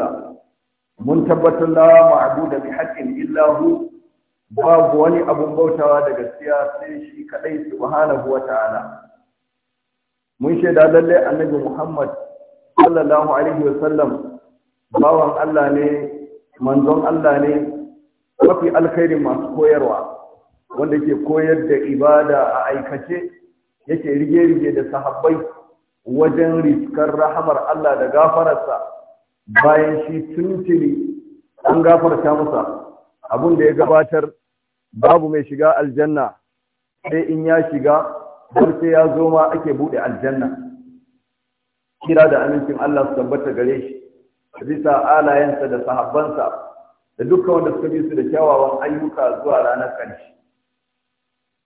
ta mun tabbatar la ma'budu da haqqin illa hu babu wani abun bautawa da gaskiya sai shi kadai subhanahu ta'ala mun shaida lalle annabi Muhammad sallallahu alaihi wa sallam bawan Allah ne manzon Allah ne mafi alkhairi masu koyarwa wanda ke koyar da ibada a aikace yake rige-rige da sahabbai wajen riskar rahamar Allah da gafararsa bayan shi tuntuni an gafarta masa abin da ya gabatar babu mai shiga aljanna sai in ya shiga har sai ya zo ma ake buɗe aljanna kira da amincin Allah su tabbata gare shi bisa alayensa da sahabbansa da dukkan wanda suka bi su da kyawawan ayyuka zuwa ranar ƙarshe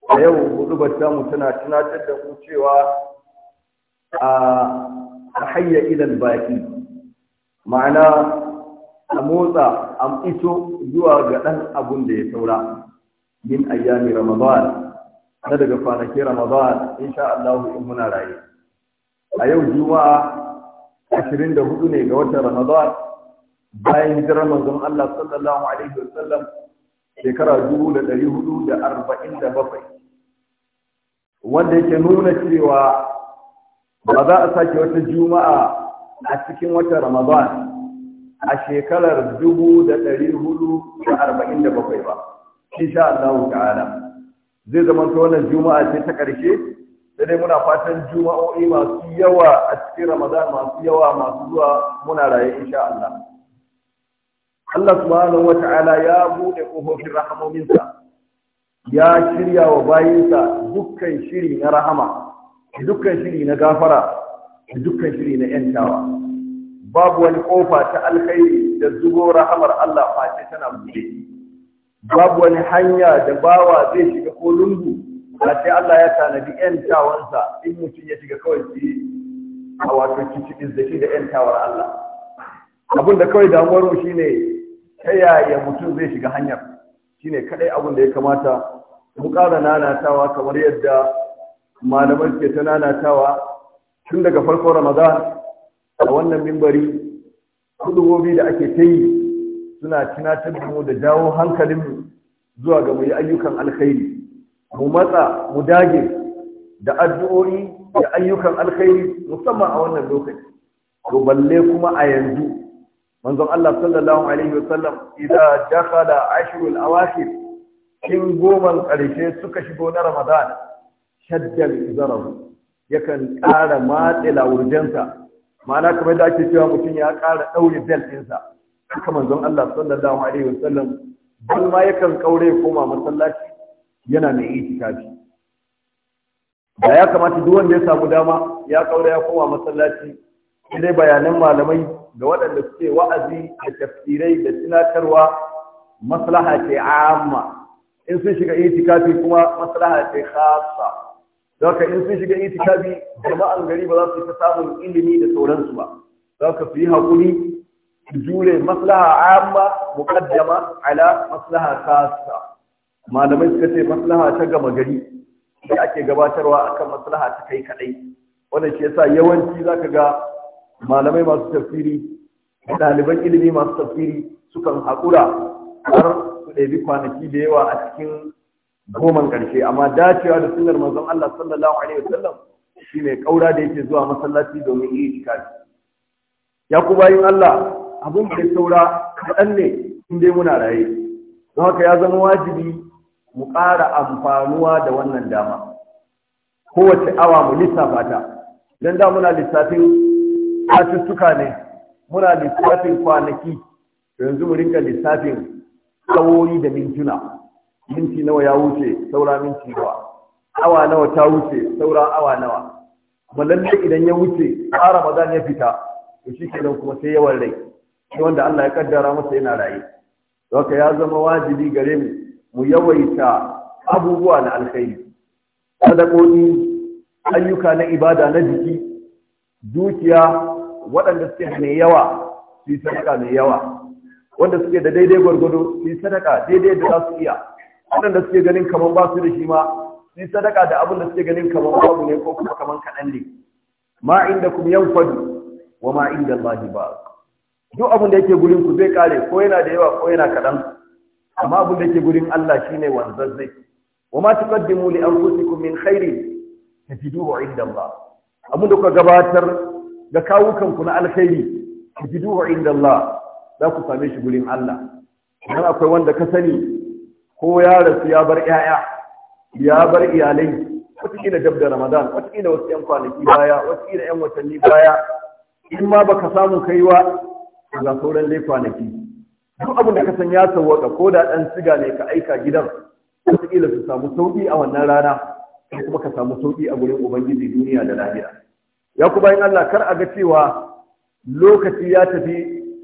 a yau hudubar mu tana tunatar da mu cewa a hayya ilal baki ma'ana a motsa a iso zuwa ga ɗan abun da ya saura min ayyami ramadan na daga kwanaki ramadan insha Allah in muna raye a yau juma'a da hudu ne ga watan ramadan bayan hijirar manzon Allah sallallahu alaihi wasallam shekara dubu da ɗari hudu da arba'in da bakwai wanda yake nuna cewa ba za a sake wata juma'a a cikin watan Ramadan a shekarar bakwai ba insha Allah ta'ala zai zama to wannan juma'a ce ta ƙarshe? sai dai muna fatan juma'o'i masu yawa a cikin Ramadan masu yawa masu zuwa muna raye insha Allah Allah subhanahu wa ta'ala ya bude kofofin rahamominsa ya shirya wa bayinsa dukkan shiri na rahama dukkan shiri na gafara dukkan shiri na yantawa babu wani kofa ta alkhairi da zubo rahamar Allah face tana buɗe babu wani hanya da bawa zai shiga ko lungu ba sai Allah ya tanadi yantawansa in mutum ya shiga kawai shi a wato cikin da shi da yantawar Allah abin da kawai damuwar mu shine ta yaya mutum zai shiga hanyar shine kadai abin da ya kamata mu ƙara nanatawa kamar yadda malamai ke ta nanatawa tun daga farkon ramadan a wannan mimbari kudubobi da ake ta yi suna tunatar da mu da jawo hankalinmu zuwa ga mu yi ayyukan alkhairi mu matsa mu dage da addu'o'i da ayyukan alkhairi musamman a wannan lokaci to balle kuma a yanzu manzon Allah sallallahu alaihi Sallam idan dakhala ashrul awakhir in goma karshe suka shigo na ramadan shaddal zarar. yakan ƙara matse lawurjensa ma'ana kamar da ake cewa mutum ya ƙara ɗaure bel ɗinsa haka manzon Allah sallallahu alaihi sallam don ma yakan kaure koma masallaci yana mai itikafi da ya kamata duk wanda ya samu dama ya kaure ya koma masallaci sai bayanan malamai da waɗanda suke wa'azi da tafsirai da tunatarwa maslaha ce amma in sun shiga itikafi kuma maslaha ce khassa zaka in sun shiga itikafi jama'an gari ba za su ta samun ilimi da sauransu ba zaka fi yi haƙuri jure maslaha amma muqaddama ala maslaha khassa malamai suka ce maslaha ta gama gari da ake gabatarwa akan maslaha ta kai kadai wannan shi yasa yawanci zaka ga malamai masu tafsiri ɗaliban ilimi masu tafsiri sukan haƙura har su ɗabi kwanaki da yawa a cikin goman ƙarshe, amma dacewa da sunnar manzon Allah sallallahu alaihi wasallam shine ƙaura da yake zuwa masallaci domin yi itikafi ya ku bayin Allah abun da saura kaɗan ne in dai muna raye don haka ya zama wajibi mu ƙara amfanuwa da wannan dama kowace awa mu lissafa ta don da muna lissafin cututtuka ne muna lissafin kwanaki yanzu mu rinka lissafin tsawoyi da mintuna minti nawa ya wuce saura minti nawa awa nawa ta wuce saura awa nawa kuma idan ya wuce a ramadan ya fita to shi kenan kuma sai yawan rai shi wanda Allah ya kaddara masa yana raye haka ya zama wajibi gare mu mu yawaita abubuwa na alkhairi sadakoki ayyuka na ibada na jiki dukiya waɗanda suke mai yawa su yi sadaka mai yawa wanda suke da daidai gwargwado su yi sadaka daidai da za su iya waɗanda suke ganin kamar ba su da shi ma Sai sadaka da abin da suke ganin kamar babu ne ko kuma kamar kaɗan ne ma inda kuma yan fadu wa ma inda Allah ba duk abin da yake gurin ku zai kare ko yana da yawa ko yana kaɗan amma abin da yake gurin Allah shine zai. wa ma tuqaddimu li anfusikum min khairin tajiduhu inda Allah abin da kuka gabatar ga kawukanku na alkhairi tajiduhu inda Allah za ku same shi gurin Allah dan akwai wanda ka sani ko ya rasu ya bar 'ya'ya ya bar iyalai wataƙila dab da ramadan wataƙila wasu 'yan kwanaki baya wataƙila 'yan watanni baya in ma baka samu kaiwa ga sauran dai kwanaki duk abin da ka san ya sauwaka ko da ɗan siga ne ka aika gidan wataƙila su samu sauƙi a wannan rana ko kuma ka samu sauƙi a gurin ubangiji duniya da lahira ya ku bayan Allah kar a ga cewa lokaci ya tafi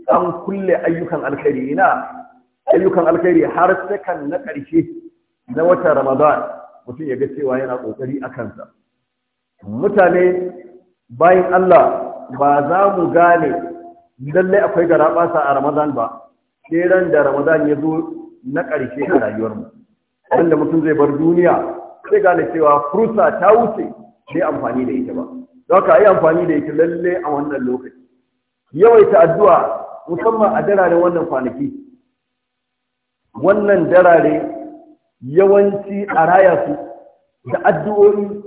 an kulle ayyukan alkhairi ina ayyukan alkhairi har sakan na ƙarshe na watan ramadan mutum ya ga cewa yana ƙoƙari a kansa mutane bayan allah ba za mu gane lallai akwai garaɓasa a ramadan ba sai ran da ramadan ya zo na ƙarshe a rayuwarmu wanda mutum zai bar duniya sai gane cewa fursa ta wuce sai amfani da ita ba za ka yi amfani da ita lallai a wannan lokaci yawaita addu'a musamman a dararen wannan kwanaki wannan darare yawanci a raya su da addu'o'i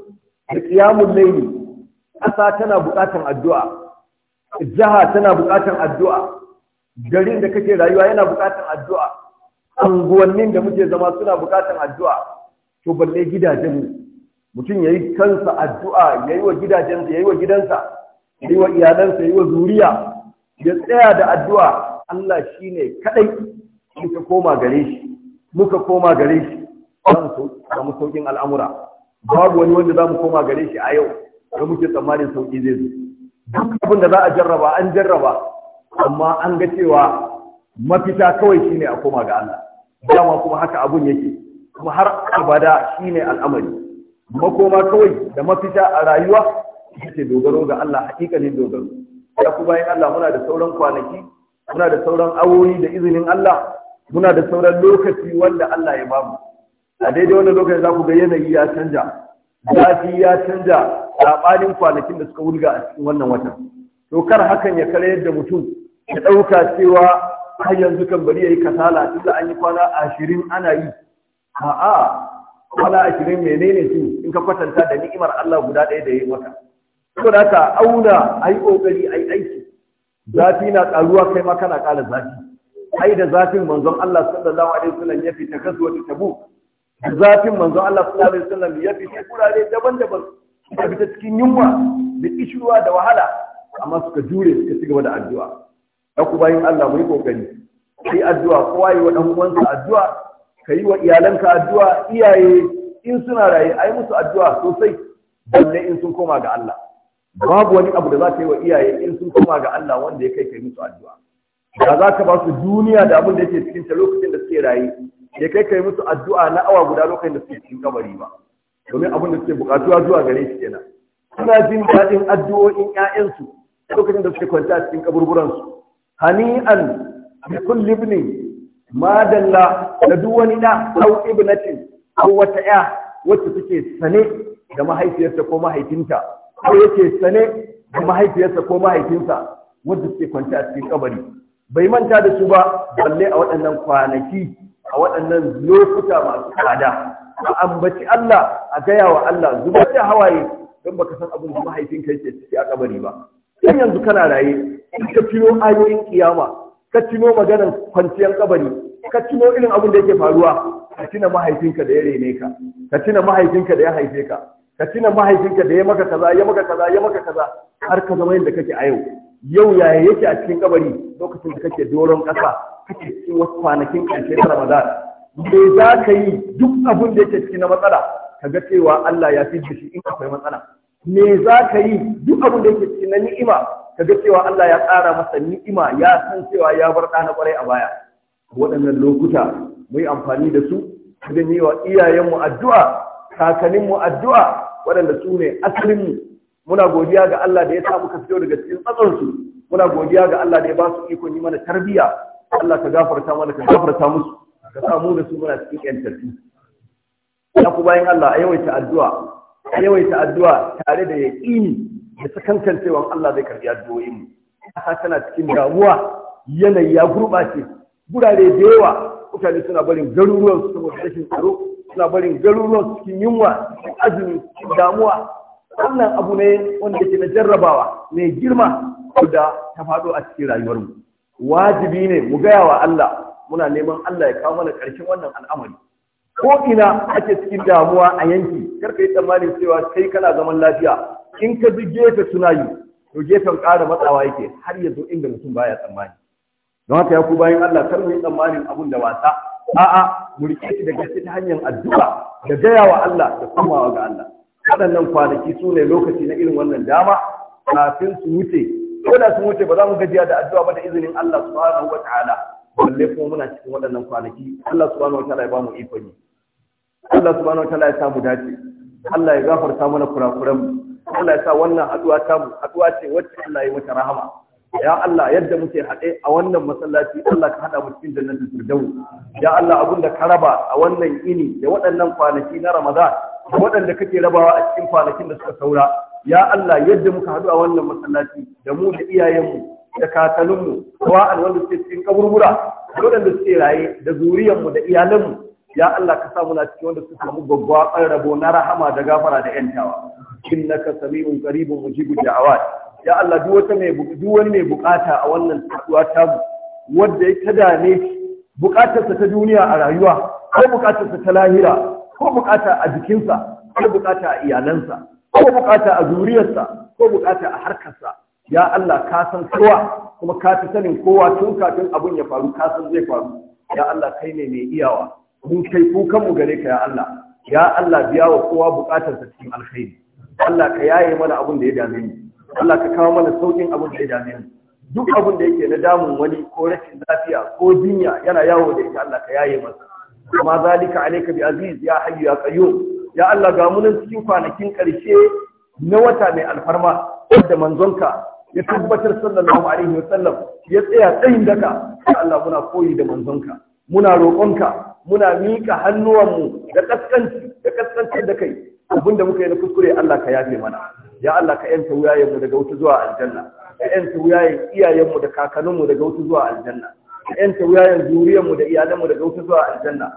da ƙiyamun laini ƙasa tana buƙatar addu'a jiha tana buƙatar addu'a garin da kake rayuwa yana buƙatar addu'a anguwannin da muke zama suna buƙatar addu'a to balle gidajen mutum ya yi kansa addu'a ya yi wa gidajensa ya yi wa gidansa ya yi wa iyalansa ya yi wa zuriya ya tsaya da addu'a Allah shi ne kaɗai muka koma gare shi muka koma gare shi za mu saukin al'amura babu wani wanda za mu koma gare shi a yau da muke tsammanin sauki zai zo duk abin da za a jarraba an jarraba amma an ga cewa mafita kawai shine a koma ga Allah dama kuma haka abun yake kuma har abada shine al'amari makoma kawai da mafita a rayuwa ita dogaro ga Allah hakikalin dogaro ya kuma yin Allah muna da sauran kwanaki muna da sauran awoyi da izinin Allah muna da sauran lokaci wanda Allah ya bamu a daidai wannan lokacin za ku ga yanayi ya canja zafi ya canja saɓanin kwanakin da suka wulga a cikin wannan watan to kar hakan ya kare yadda mutum ya ɗauka cewa har yanzu kan bari ya yi kasala tun da an yi kwana ashirin ana yi a'a kwana ashirin menene su in ka kwatanta da ni'imar Allah guda ɗaya da ya yi maka saboda ka auna ai kokari ai aiki zafi na ƙaruwa kai ma kana ƙara zafi ai da zafin manzon Allah sallallahu alaihi wasallam ya fita gazuwa ta tabu zafin manzon Allah sallallahu alaihi wasallam ya fita kurare daban-daban suka fita cikin yunwa da kishuwa da wahala amma suka jure suka ci gaba da addu'a da ku bayin Allah mu kokari kai addu'a kowa yi wa dan uwansa addu'a kai wa iyalanka addu'a iyaye in suna raye ai musu addu'a sosai balle in sun koma ga Allah babu wani abu da za ka yi wa iyaye in sun koma ga Allah wanda ya kai kai musu addu'a Ba za ka ba su duniya da abin da yake cikin ta lokacin da suke raye ya kai kai musu addu'a na awa guda lokacin da suke cikin kabari ba domin abin da suke bukatuwa zuwa gare shi kenan suna jin daɗin addu'o'in ƴaƴansu lokacin da suke kwanta a cikin kaburburansu hani'an bi kulli ibnin madalla da duk wani da au ibnatin ko wata ƴa wacce take sane da mahaifiyarta ko mahaifinta ko yake sane da mahaifiyarsa ko mahaifinta wanda suke kwanta a cikin kabari bai manta da su ba balle a waɗannan kwanaki a waɗannan lokuta masu tsada a ambaci Allah a gaya wa Allah zuba ta hawaye don baka san abin da mahaifinka yake ciki a kabari ba in yanzu kana raye in ka tuno ayoyin kiyama ka tuno maganar kwanciyar kabari ka tuno irin abin da yake faruwa ka tuna mahaifinka da ya rene ka ka tuna mahaifinka da ya haife ka ka tuna mahaifinka da ya maka kaza ya maka kaza ya maka kaza har ka zama yadda kake a yau yau yaya yake a cikin kabari lokacin da kake doron ƙasa kake cikin wasu kwanakin ƙarshe na Ramadan me za ka yi duk abin da yake cikin na matsala ka ga cewa Allah ya fi da shi in akwai matsala me za ka yi duk abin da yake cikin na ni'ima ka ga cewa Allah ya ƙara masa ni'ima ya san cewa ya bar ɗana ƙwarai a baya waɗannan lokuta mu yi amfani da su ga yi wa iyayenmu addu'a kakanninmu addu'a waɗanda su ne asalinmu muna godiya ga Allah da ya samu muka fito daga cikin tsatsarsu muna godiya ga Allah da ya ba su ikon yi mana tarbiyya Allah ka gafarta mana ka gafarta musu ka sa mu da su muna cikin yantarki ya ku bayan Allah a yawaita addu'a a yawaita addu'a tare da yaƙini da ta sakankancewa Allah zai karbi addu'o'in mu haka tana cikin damuwa yanayi ya gurɓace gurare da yawa mutane suna barin garuruwan su saboda rashin tsaro suna barin garuruwan su cikin yunwa azumi cikin damuwa wannan abu ne wanda ke na jarrabawa mai girma da ta faɗo a cikin rayuwarmu wajibi ne mu gaya wa Allah muna neman Allah ya kawo mana ƙarshen wannan al'amari ko ina ake cikin damuwa a yanki kar ka yi tsammanin cewa kai kana zaman lafiya in ka bi gefe suna yi to gefen ƙara matsawa yake har ya zo inda mutum baya tsammani don haka ya ku bayan Allah kar mu yi tsammanin abun da wasa a'a mu rike shi da gaske ta hanyar addu'a da gaya wa Allah da komawa ga Allah waɗannan kwanaki su ne lokaci na irin wannan dama kafin su wuce ko da sun wuce ba za mu gajiya da addu'a ba da izinin Allah subhanahu wataala balle kuma muna cikin waɗannan kwanaki Allah subhanahu wataala ya ba mu ikon yi Allah subhanahu wataala ya sa mu dace Allah ya gafarta mana kurakuran Allah ya sa wannan addu'a ta mu addu'a ce wacce Allah ya mata rahama ya Allah yadda muke haɗe a wannan masallaci Allah ka haɗa mu cikin jannatin firdaus ya Allah abinda ka raba a wannan ini da waɗannan kwanaki na Ramadan waɗanda kake rabawa a cikin kwanakin da suka saura ya Allah yadda muka haɗu a wannan masallaci da mu da iyayenmu da kakanninmu sawa'an wanda suke cikin kaburbura waɗanda suke raye da zuriyarmu da iyalanmu ya Allah ka samu na cikin wanda suka samu gwaggwaɓar rabo na rahama da gafara da yantawa innaka sami'un qaribun mujibu da'awat ya Allah duk wata mai duk wani mai bukata a wannan saduwa ta mu wanda ya ta dame shi bukatarsa ta duniya a rayuwa ko bukatarsa ta lahira ko bukata a jikinsa ko bukata a iyalansa ko bukata a zuriyarsa ko bukata a harkarsa ya Allah ka san kowa kuma ka fi sanin kowa tun kafin abun ya faru ka san zai faru ya Allah kai ne mai iyawa mun kai kukan mu gare ka ya Allah ya Allah biya wa kowa sa cikin alkhairi Allah ka yaye mana abun da ya dame ni Allah ka kawo mana saukin abun da ya dame ni duk abun da yake na damun wani ko rashin lafiya ko jinya yana yawo da ita Allah ka yaye masa kuma zalika alayka bi aziz ya hayyu ya qayyum ya Allah ga mu cikin kwanakin karshe na wata mai alfarma wanda manzonka ya tabbatar sallallahu alaihi wa sallam ya tsaya tsayin daka ya Allah muna koyi da manzonka muna roƙonka muna miƙa hannuwanmu da kaskanci da kaskanci da kai abinda muka yi na kuskure Allah ka yafe mana ya Allah ka yanta wuyayenmu daga wuta zuwa aljanna ka yanta wuyayen iyayenmu da kakanninmu daga wuta zuwa aljanna da yan tawayan zuriyar mu da iyalan mu daga wuta zuwa aljanna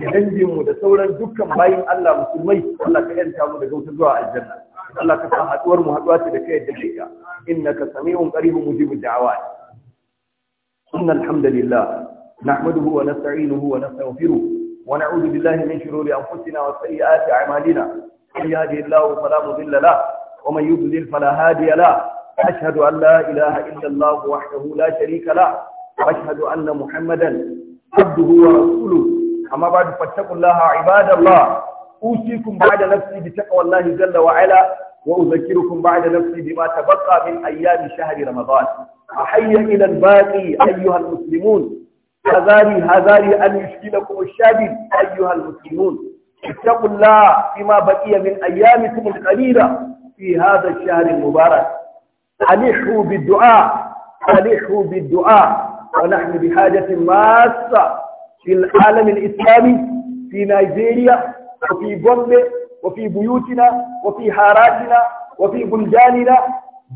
da dangin mu da sauran dukkan bayin Allah musulmai Allah ka yanta mu daga wuta zuwa aljanna Allah ka sa haduwar mu haduwa ce da kai da kai innaka sami'un qaribun mujibud da'awat inna alhamdulillah nahmaduhu wa nasta'inuhu wa nastaghfiruh wa na'udhu billahi min shururi anfusina wa sayyiati a'malina man yahdihillahu fala mudilla lahu wa man yudlil fala hadiya lahu أشهد أن لا إله إلا الله وحده لا شريك له وأشهد أن محمدا عبده ورسوله أما بعد فاتقوا الله عباد الله أوصيكم بعد نفسي بتقوى الله جل وعلا وأذكركم بعد نفسي بما تبقى من أيام شهر رمضان احيا إلى الباقي أيها المسلمون هذاري هذاري أن يشكلكم الشادد أيها المسلمون اتقوا الله فيما بقي من أيامكم القليلة في هذا الشهر المبارك ألحوا بالدعاء ألحوا بالدعاء ونحن بحاجة ماسة في العالم الإسلامي في نيجيريا وفي بومبي وفي بيوتنا وفي حاراتنا وفي بلداننا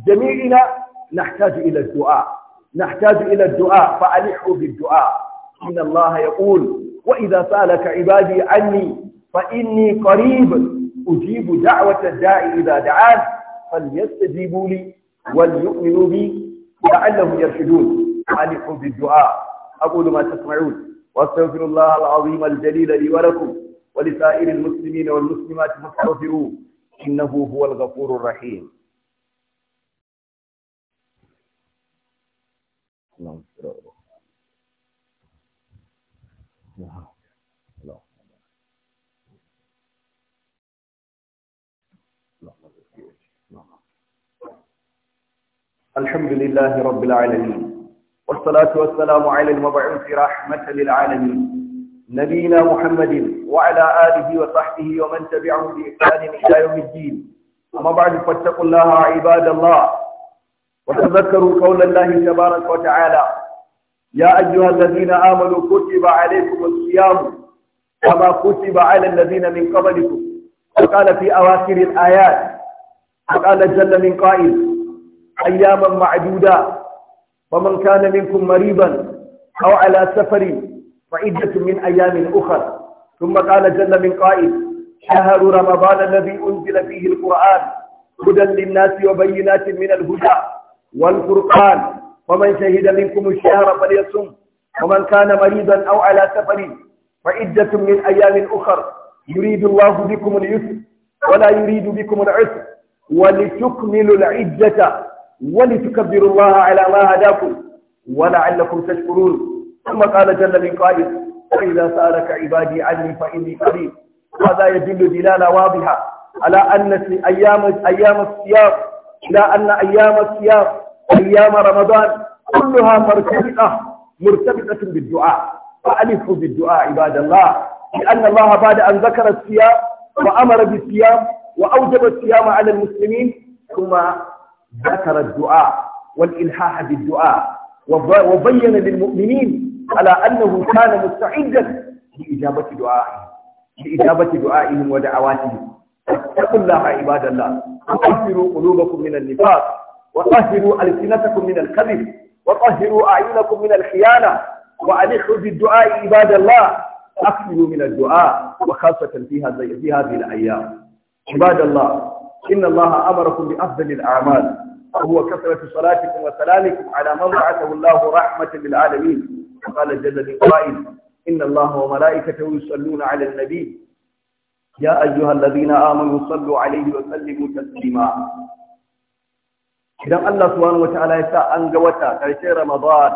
جميعنا نحتاج إلى الدعاء نحتاج إلى الدعاء فألحوا بالدعاء إن الله يقول وإذا سألك عبادي عني فإني قريب أجيب دعوة الداعي إذا دعان فليستجيبوا لي وليؤمنوا بي لعلهم يرشدون ألف بالدعاء أقول ما تسمعون واستغفر الله العظيم الجليل لي ولكم ولسائر المسلمين والمسلمات فاستغفروه إنه هو الغفور الرحيم الحمد لله رب العالمين والصلاة والسلام على المبعوث رحمة للعالمين نبينا محمد وعلى آله وصحبه ومن تبعهم بإحسان إلى يوم الدين أما بعد فاتقوا الله عباد الله وتذكروا قول الله تبارك وتعالى يا أيها الذين آمنوا كتب عليكم الصيام كما كتب على الذين من قبلكم وقال في أواخر الآيات وقال جل من قائل أياما معدودة ومن كان منكم مريضا أو على سفر فعدة من أيام أخر ثم قال جل من قائل شهر رمضان الذي أنزل فيه القرآن هدى للناس وبينات من الهدى والفرقان ومن شهد منكم الشهر فليصم ومن كان مريضا أو على سفر فعدة من أيام أخر يريد الله بكم اليسر ولا يريد بكم العسر ولتكملوا العدة ولتكبروا الله على ما هداكم ولعلكم تشكرون ثم قال جل من قائل وإذا سألك عبادي عني فإني قريب هذا يدل دلالة واضحة على أن أيام أيام الصيام إلى أن أيام الصيام أيام رمضان كلها مرتبطة مرتبطة بالدعاء فألفوا بالدعاء عباد الله لأن الله بعد أن ذكر الصيام وأمر بالصيام وأوجب الصيام على المسلمين ثم ذكر الدعاء والإلحاح بالدعاء وبين للمؤمنين على أنه كان مستعدا لإجابة دعائهم لإجابة دعائهم ودعواتهم اتقوا الله عباد الله وطهروا قلوبكم من النفاق وطهروا ألسنتكم من الكذب وطهروا أعينكم من الخيانة وألحوا بالدعاء عباد الله أكثروا من الدعاء وخاصة في هذه الأيام عباد الله إن الله أمركم بأفضل الأعمال وهو كثرة صلاتكم وسلامكم على من بعثه الله رحمة للعالمين وقال جل من قائل إن الله وملائكته يصلون على النبي يا أيها الذين آمنوا صلوا عليه وسلموا تسليما إذا الله سبحانه وتعالى يسعى أن قوتا كرشي رمضان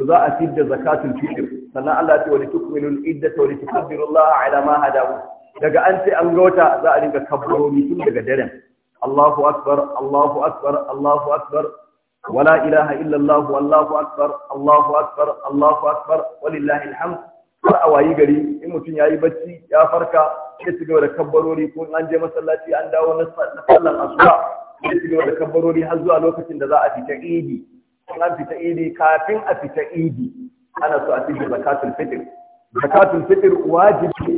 تضاء سد زكاة الفجر فنا الله ولتكملوا العدة ولتكبروا الله على ما هداكم daga an ce an ga wata za a rinka kabbaroni tun daga daren Allahu akbar Allahu akbar Allahu akbar wala ilaha illallah wallahu akbar Allahu akbar Allahu akbar walillahi alhamd har a wayi gari in mutum ya yi bacci ya farka ya ci gaba da kabbarori ko an je masallaci an dawo na sallan asuba ya ci gaba da kabbarori har zuwa lokacin da za a fita idi in an fita idi kafin a fita idi ana so a fita zakatul fitr zakatul fitr wajibi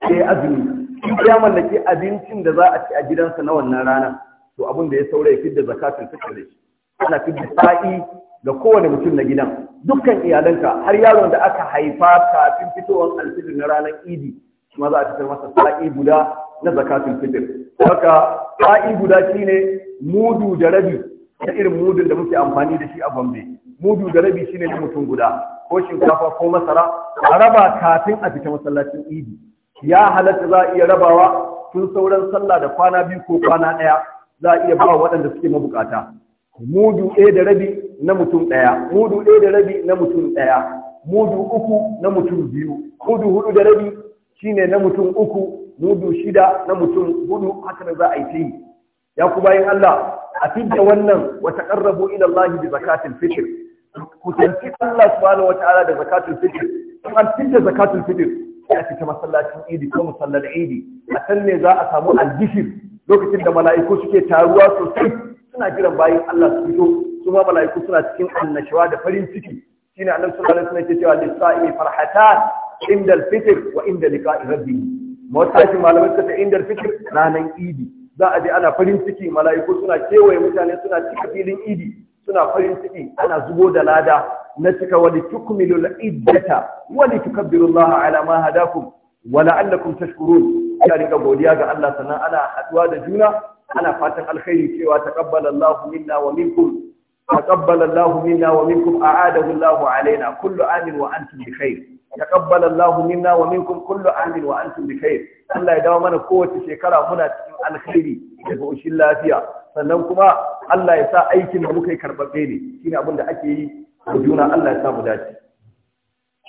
sai azumi ya mallaki abincin da za a ci a gidansa na wannan rana to abin da ya saura ya fidda zakatun fitar da shi ana fidda sa'i ga kowane mutum na gidan dukkan iyalanka har yaron da aka haifa kafin fitowar alfijir na ranar idi kuma za a fitar masa sa'i guda na zakatun fitar. haka sa'i guda shine mudu da rabi ta irin mudun da muke amfani da shi a Gombe mudu da rabi shine ne mutum guda ko shinkafa ko masara a raba kafin a fita masallacin idi ya halatta za a iya rabawa tun sauran sallah da kwana biyu ko kwana ɗaya za a iya ba waɗanda suke mabukata mudu ɗaya da rabi na mutum ɗaya mudu ɗaya da rabi na mutum ɗaya mudu uku na mutum biyu mudu hudu da rabi shine na mutum uku mudu shida na mutum hudu haka da za a yi ta yi ya ku bayin Allah a fidda wannan wata ƙarrabu ila Allah bi zakatil fitr kusanci Allah subhanahu wataala da zakatul fitr in an tinda zakatul fitr sai fita masallacin idi ko musallar idi a can ne za a samu aljishir lokacin da mala'iku suke taruwa sosai suna jiran bayan Allah su fito su ma mala'iku suna cikin annashuwa da farin ciki ne annabi sallallahu alaihi wasallam yake cewa lisa'imi farhatan inda al-fitr wa inda liqa'i rabbih mawtashin malamai suka inda al ranan idi za a je ana farin ciki mala'iku suna kewaye mutane suna cika filin idi suna farin ciki ana zubo da lada na cika wani tukmilul iddata wani tukabbirullaha ala ma hadakum wa la'allakum tashkurun ya riga godiya ga Allah sannan ana haduwa da juna ana fatan alkhairi cewa taqabbala Allahu minna wa minkum taqabbala Allahu minna wa minkum a'adahu Allahu alaina kullu amin wa antum bi khair taqabbala Allahu minna wa minkum kullu amin wa antum bi khair Allah ya dawo mana kowace shekara muna cikin alkhairi da koshin lafiya sannan kuma Allah ya sa aikin da muka yi karɓaɓɓe ne shine abin da ake yi da juna Allah ya sa mu dace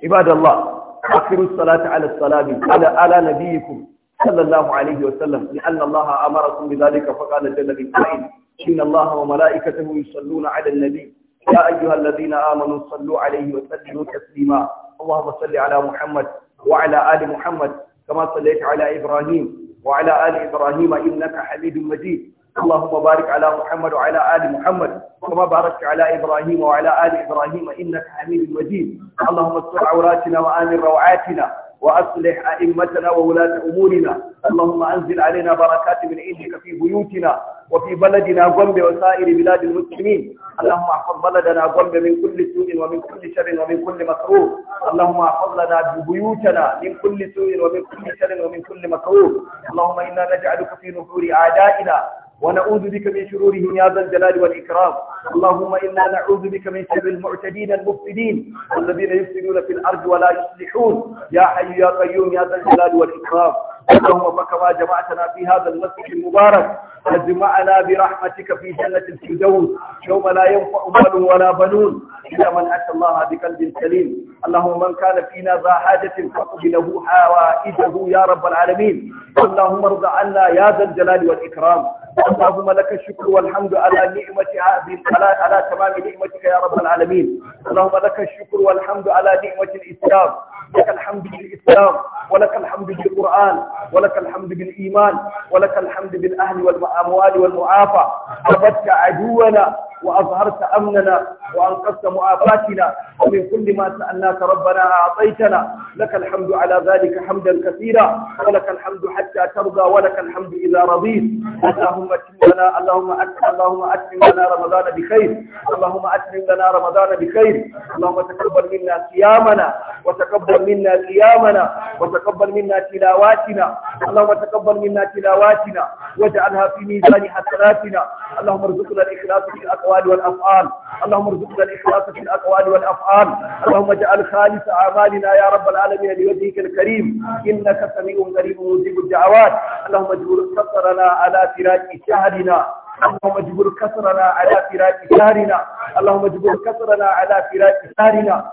ibadallah ala salami ala ala nabiyikum sallallahu alaihi wa sallam li anna Allah amarakum bi dhalika fa qala jalla bi qa'il inna Allah wa malaikatahu yusalluna ala nabi ya amanu sallu alaihi wa sallimu taslima اللهم صل على محمد وعلى ال محمد كما صليت على ابراهيم وعلى حميد مجيد اللهم بارك على محمد وعلى آل محمد كما باركت على إبراهيم وعلى آل إبراهيم إنك حميد مجيد اللهم استر عوراتنا وآمن روعاتنا وأصلح أئمتنا وولاة أمورنا اللهم أنزل علينا بركات من عندك في بيوتنا وفي بلدنا قم وسائر بلاد المسلمين اللهم احفظ بلدنا غنب من كل سوء ومن كل شر ومن كل مكروه اللهم احفظ لنا بيوتنا من كل سوء ومن كل شر ومن كل مكروه اللهم إنا نجعلك في نحور أعدائنا ونعوذ بك من شرورهم يا ذا الجلال والإكرام اللهم إنا نعوذ بك من شر المعتدين المفسدين الذين يفسدون في الأرض ولا يصلحون يا حي يا قيوم يا ذا الجلال والإكرام اللهم فكما جمعتنا في هذا المسجد المبارك اجمعنا برحمتك في جنة الفردوس يوم لا ينفع مال ولا بنون إلا من أتى الله بقلب سليم اللهم من كان فينا ذا حاجة فقبله له حوائجه يا رب العالمين اللهم ارض عنا يا ذا الجلال والإكرام اللهم لك الشكر والحمد على نعمتها على على تمام نعمتك يا رب العالمين اللهم لك الشكر والحمد على نعمة الإسلام لك الحمد بالإسلام ولك الحمد بالقرآن ولك الحمد بالإيمان ولك الحمد بالأهل والأموال والمعافى ثبتك عدونا وأظهرت أمننا وأنقذت مؤافاتنا ومن كل ما سألناك ربنا أعطيتنا لك الحمد على ذلك حمدا كثيرا ولك الحمد حتى ترضى ولك الحمد إذا رضيت اللهم أتم لنا اللهم أتم اللهم أتم لنا رمضان بخير اللهم أتم لنا رمضان بخير اللهم تقبل منا صيامنا وتقبل منا قيامنا وتقبل منا تلاواتنا اللهم تقبل منا تلاواتنا واجعلها في ميزان حسناتنا اللهم ارزقنا الإخلاص في الأقوال الأقوال والأفعال اللهم ارزقنا الإخلاص في الأقوال والأفعال اللهم اجعل خالص أعمالنا يا رب العالمين لوجهك الكريم إنك سميع قريب مجيب الدعوات اللهم اجبر كسرنا على فراق شهرنا اللهم اجبر كسرنا على فراق شهرنا اللهم اجبر كسرنا على فراق شهرنا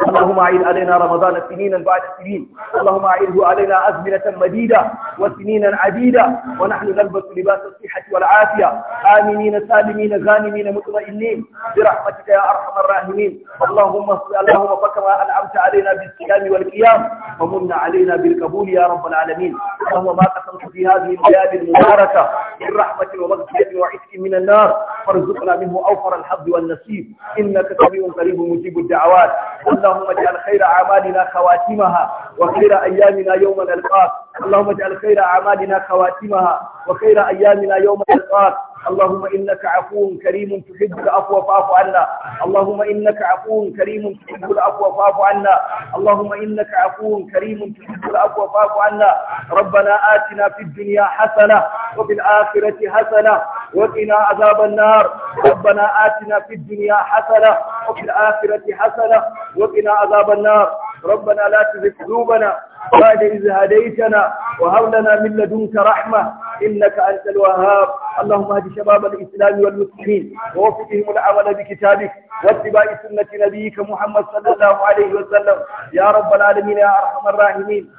اللهم أعد علينا رمضان سنينا بعد سنين اللهم أعده علينا أزمنة مديدة وسنينا عديدة ونحن نلبس لباس الصحة والعافية آمنين سالمين غانمين مطمئنين برحمتك يا أرحم الراحمين اللهم اللهم فكما أنعمت علينا بالصيام والقيام ومن علينا بالقبول يا رب العالمين اللهم ما قسمت في هذه الليالي المباركة من رحمة ومغفرة وعتق من النار فارزقنا منه أوفر الحظ والنصيب إنك سميع قريب مجيب الدعوات اللهم اجعل خير أعمالنا خواتمها وخير أيامنا يوم نلقاك اللهم اجعل خير أعمالنا خواتمها وخير أيامنا يوم نلقاك اللهم إنك عفو كريم تحب العفو فاعف عنا اللهم إنك عفو كريم تحب العفو فاعف عنا اللهم إنك عفو كريم تحب العفو فاعف عنا ربنا آتنا في الدنيا حسنة وفي الآخرة حسنة وقنا عذاب النار ربنا آتنا في الدنيا حسنة وفي الآخرة حسنة وقنا عذاب النار ربنا لا تزغ قلوبنا بعد إذ هديتنا وهب لنا من لدنك رحمة إنك أنت الوهاب اللهم اهد شباب الإسلام والمسلمين ووفقهم العمل بكتابك واتباع سنة نبيك محمد صلى الله عليه وسلم يا رب العالمين يا أرحم الراحمين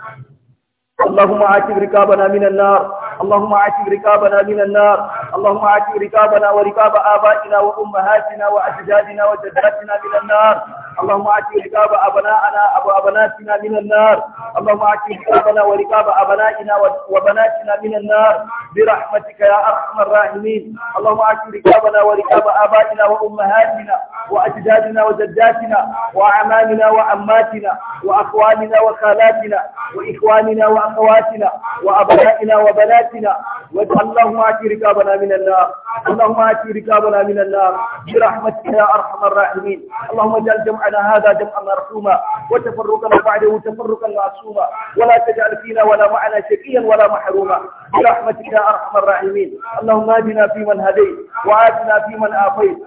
اللهم عاتب رقابنا من النار اللهم عاتب ركابنا من النار اللهم عاتب ركابنا وركاب آبائنا وأمهاتنا وأجدادنا وجداتنا من النار اللهم عاتب ركاب أبنائنا أبو أبناتنا من النار اللهم عاتب ركابنا وركاب أبنائنا وبناتنا من النار برحمتك يا أرحم الراحمين اللهم عاتب ركابنا وركاب آبائنا وأمهاتنا وأجدادنا وجداتنا وأعمامنا وعماتنا وأخواننا وخالاتنا وإخواننا وأخواتنا وأبنائنا وبناتنا آياتنا اللهم آتي ركابنا من النار اللهم آتي ركابنا من النار برحمتك يا أرحم الراحمين اللهم اجعل جمعنا هذا جمعا مرحوما وتفرقنا بعده تفرقا معصوما ولا تجعل فينا ولا معنا شقيا ولا محروما برحمتك يا أرحم الراحمين اللهم اهدنا فيمن هديت وآتنا فيمن آفيت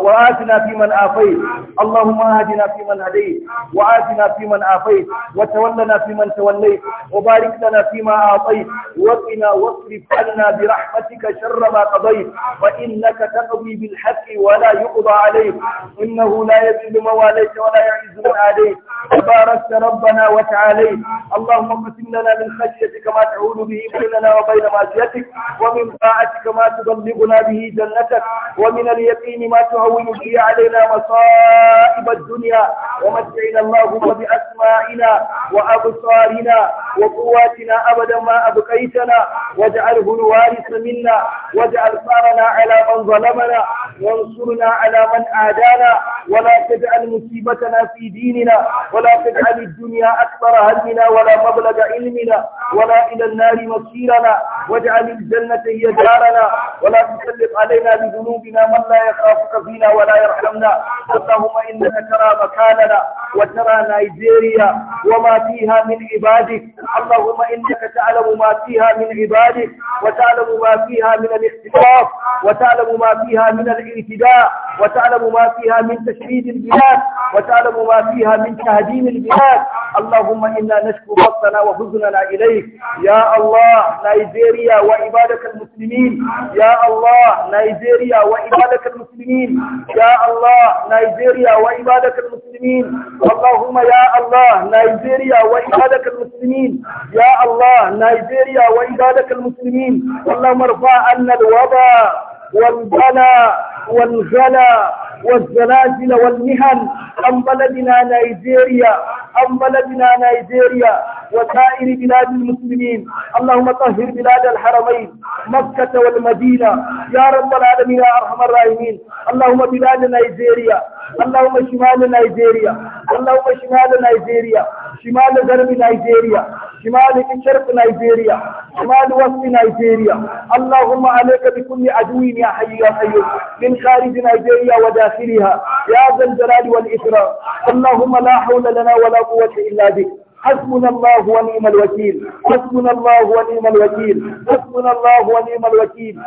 وآتنا فيمن آفيت اللهم آهدنا فيمن هديت وآتنا فيمن آفيت وتولنا فيمن توليت وبارك لنا فيما أعطيت وقنا واصرف عنا برحمتك شر ما قضيت وإنك تقضي بالحق ولا يقضى عليك إنه لا يذل مواليك ولا يعز من عليك تباركت ربنا وتعاليت اللهم اقسم لنا من خشيتك ما تعود به بيننا وبين معصيتك ومن طاعتك ما تبلغنا به جنتك ومن اليقين ما تهون الله به علينا مصائب الدنيا ومتعنا اللهم بأسمائنا وأبصارنا وقواتنا أبدا ما أبقيتنا واجعله الوارث منا واجعل ثارنا على من ظلمنا وانصرنا على من آدانا ولا تجعل مصيبتنا في ديننا ولا تجعل الدنيا أكبر همنا ولا مبلغ علمنا ولا إلى النار مصيرنا واجعل الجنة هي دارنا ولا تسلط علينا بذنوبنا من لا يخافك في فينا ولا يرحمنا اللهم إنك ترى مكاننا وترى نيجيريا وما فيها من عبادك اللهم إنك تعلم ما فيها من عبادك وتعلم ما فيها من الاختطاف وتعلم ما فيها من الاعتداء وتعلم ما فيها من تشريد البلاد وتعلم ما فيها من تهديم البلاد اللهم إنا نشكو بطنا وحزننا إليك يا الله نيجيريا وعبادك المسلمين يا الله نيجيريا وعبادك المسلمين يا الله نيجيريا وعبادك المسلمين اللهم يا الله نيجيريا وعبادك المسلمين يا الله نيجيريا وعبادك المسلمين اللهم ارفع عنا الوباء والبلاء والغلا والزلازل والمهن عن بلدنا نيجيريا عن بلدنا نيجيريا وسائر بلاد المسلمين اللهم طهر بلاد الحرمين مكة والمدينة يا رب العالمين يا أرحم الراحمين اللهم بلاد نيجيريا اللهم شمال نيجيريا اللهم شمال نيجيريا شمال غرب نيجيريا شمال شرق نيجيريا شمال وسط نيجيريا اللهم عليك بكل عدو يا حي يا قيوم من خارج نيجيريا وداخلها يا ذا الجلال والإكرام اللهم لا حول لنا ولا قوة إلا بك حسبنا الله ونعم الوكيل حسبنا الله ونعم الوكيل حسبنا الله ونعم الوكيل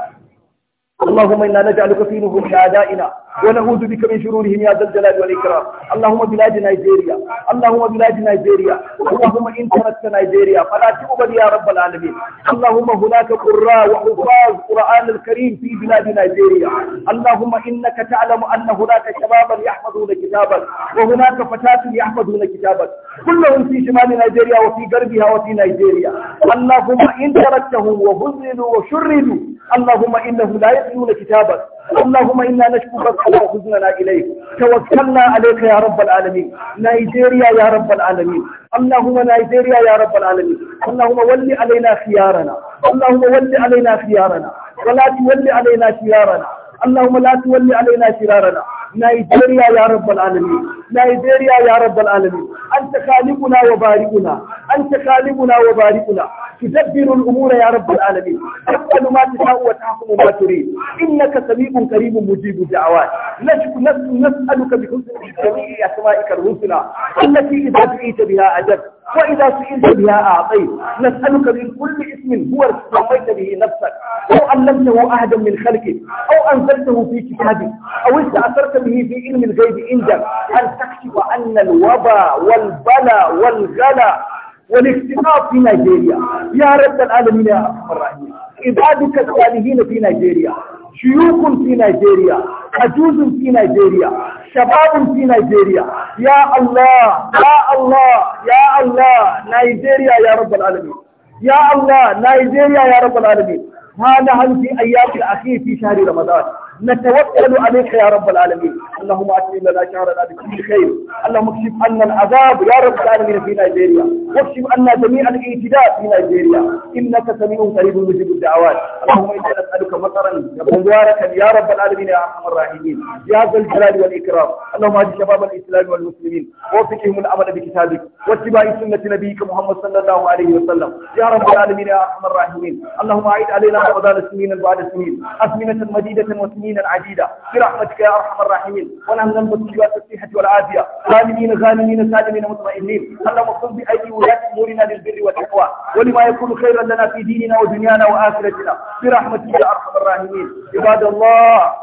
اللهم إنا نجعلك في نفوس أعدائنا ونعوذ بك من شرورهم يا ذا الجلال والإكرام اللهم بلاد نيجيريا اللهم بلاد نيجيريا اللهم إن تركت نيجيريا فلا تقبل يا رب العالمين اللهم هناك قراء وحفاظ القرآن الكريم في بلاد نيجيريا اللهم إنك تعلم أن هناك شبابا يحفظون كتابك وهناك فتاة يحفظون كتابك كلهم في شمال نيجيريا وفي غربها وفي نيجيريا اللهم إن تركتهم وهزلوا وشردوا اللهم إنهم لا يتلون كتابك اللهم إنا نشكرك Allah ku zuna na ilai tawakkalna alayka ya rabbal alamin Nigeria ya rabbal alamin Allahumma Nigeria ya rabbal alamin Allahumma walli alaina khiyarana Allahumma walli alaina khiyarana wala tuwalli alaina khiyarana Allahumma la tuwalli alaina shirarana نيجيريا يا رب العالمين نيجيريا يا رب العالمين أنت خالقنا وبارئنا أنت خالقنا وبارئنا تدبر الأمور يا رب العالمين تفعل ما تشاء وتحكم ما تريد إنك سميع كريم مجيب الدعوات نسألك بحسن جميع أسمائك الحسنى التي إذا دعيت بها أجبت وإذا سئلت بها أعطيت نسألك من كل اسم هو سميت به نفسك أو علمته أحدا من خلقك أو أنزلته في كتابك أو استأثرت به في علم الغيب عندك أن تكشف أن الوباء والبلاء والغلاء والاختناق في نيجيريا يا رب العالمين يا أرحم الراحمين عبادك الصالحين في نيجيريا شيوخ في نيجيريا عجوز في نيجيريا شباب في نيجيريا يا الله يا الله يا الله نيجيريا يا رب العالمين يا الله نيجيريا يا رب العالمين هذا نحن في أيام الأخير في شهر رمضان نتوكل عليك يا رب العالمين اللهم أكرم لنا شهرنا بكل خير اللهم اكشف عنا العذاب يا رب العالمين في نيجيريا واكشف عنا جميع الاعتداء في نيجيريا إنك سميع قريب مجيب الدعوات اللهم إنا نسألك مطرا مباركا يا رب العالمين يا أرحم الراحمين يا ذا الجلال والإكرام اللهم اهد شباب الإسلام والمسلمين ووفقهم العمل بكتابك واتباع سنة نبيك محمد صلى الله عليه وسلم يا رب العالمين يا أرحم الراحمين اللهم أعد علينا رمضان سنين بعد سنين أزمنة مديدة وسنين سنين العديدة برحمتك يا أرحم الراحمين ونحن نلبس لباس الصحة والعافية غانمين غانمين سالمين مطمئنين اللهم اغفر بأيدي ولاة أمورنا للبر والتقوى ولما يكون خيرا لنا في ديننا ودنيانا وآخرتنا برحمتك يا أرحم الراحمين عباد الله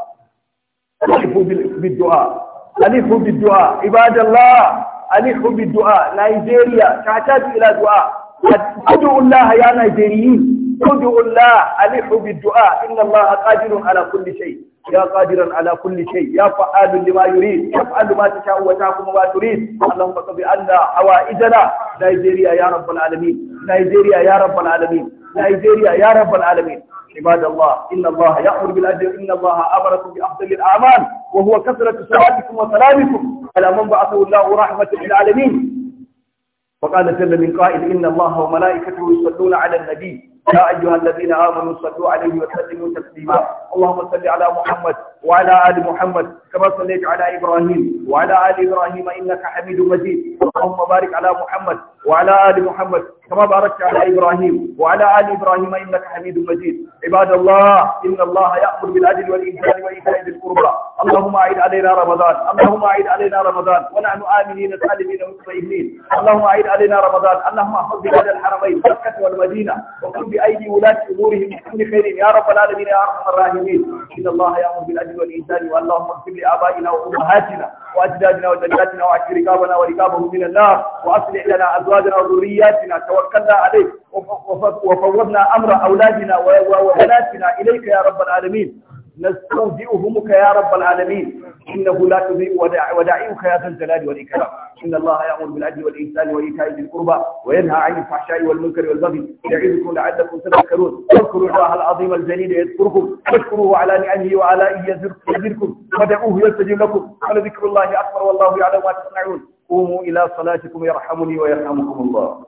ألفوا بالدعاء ألفوا بالدعاء عباد الله ألفوا بالدعاء نيجيريا تحتاج إلى دعاء ادعوا الله يا نيجيريين ادعوا الله ألحوا بالدعاء إن الله قادر على كل شيء يا قادرا على كل شيء يا فعال لما يريد يفعل ما تشاء وتحكم ما تريد اللهم قض عنا حوائجنا نيجيريا يا رب العالمين نيجيريا يا رب العالمين نيجيريا يا رب العالمين عباد الله إن الله يأمر بالأجر إن الله أمركم بأفضل الأعمال وهو كثرة صلاتكم وسلامكم على من بعثه الله رحمة للعالمين وقال جل من قائل إن الله وملائكته يصلون على النبي يا أيها الذين آمنوا صلوا عليه وسلموا تسليما اللهم صل على محمد وعلى آل محمد كما صليت على إبراهيم وعلى آل إبراهيم إنك حميد مجيد اللهم بارك على محمد وعلى آل محمد كما باركت على إبراهيم وعلى آل إبراهيم إنك حميد مجيد عباد الله إن الله يأمر بالعدل والإحسان وإيتاء ذي القربى اللهم أعد علينا رمضان اللهم أعد علينا رمضان ونحن آمنين سالمين مطمئنين اللهم أعد علينا رمضان اللهم احفظ بلاد الحرمين مكة والمدينة وكل بأيدي ولاة أمورهم من كل خير يا رب العالمين يا أرحم الراحمين إن الله يأمر بالعدل والإنسان واللهم اغفر لآبائنا وأمهاتنا وأجدادنا وجداتنا وأعف رقابنا ورقابهم من النار وأصلح لنا أزواجنا وذرياتنا توكلنا عليك وفوضنا أمر أولادنا وبناتنا إليك يا رب العالمين نستودعهمك يا رب العالمين إنه لا تضيء وداعيك يا ذا الجلال والإكرام إن الله يأمر بالعدل والإنسان وإيتاء ذي القربى وينهى عن الفحشاء والمنكر والبغي يعظكم لعلكم تذكرون اذكروا الله العظيم الجليل يذكركم واشكروه على نعمه وعلائه يذكركم ودعوه يستجيب لكم ولذكر الله أكبر والله يعلم ما تصنعون قوموا إلى صلاتكم يرحمني ويرحمكم الله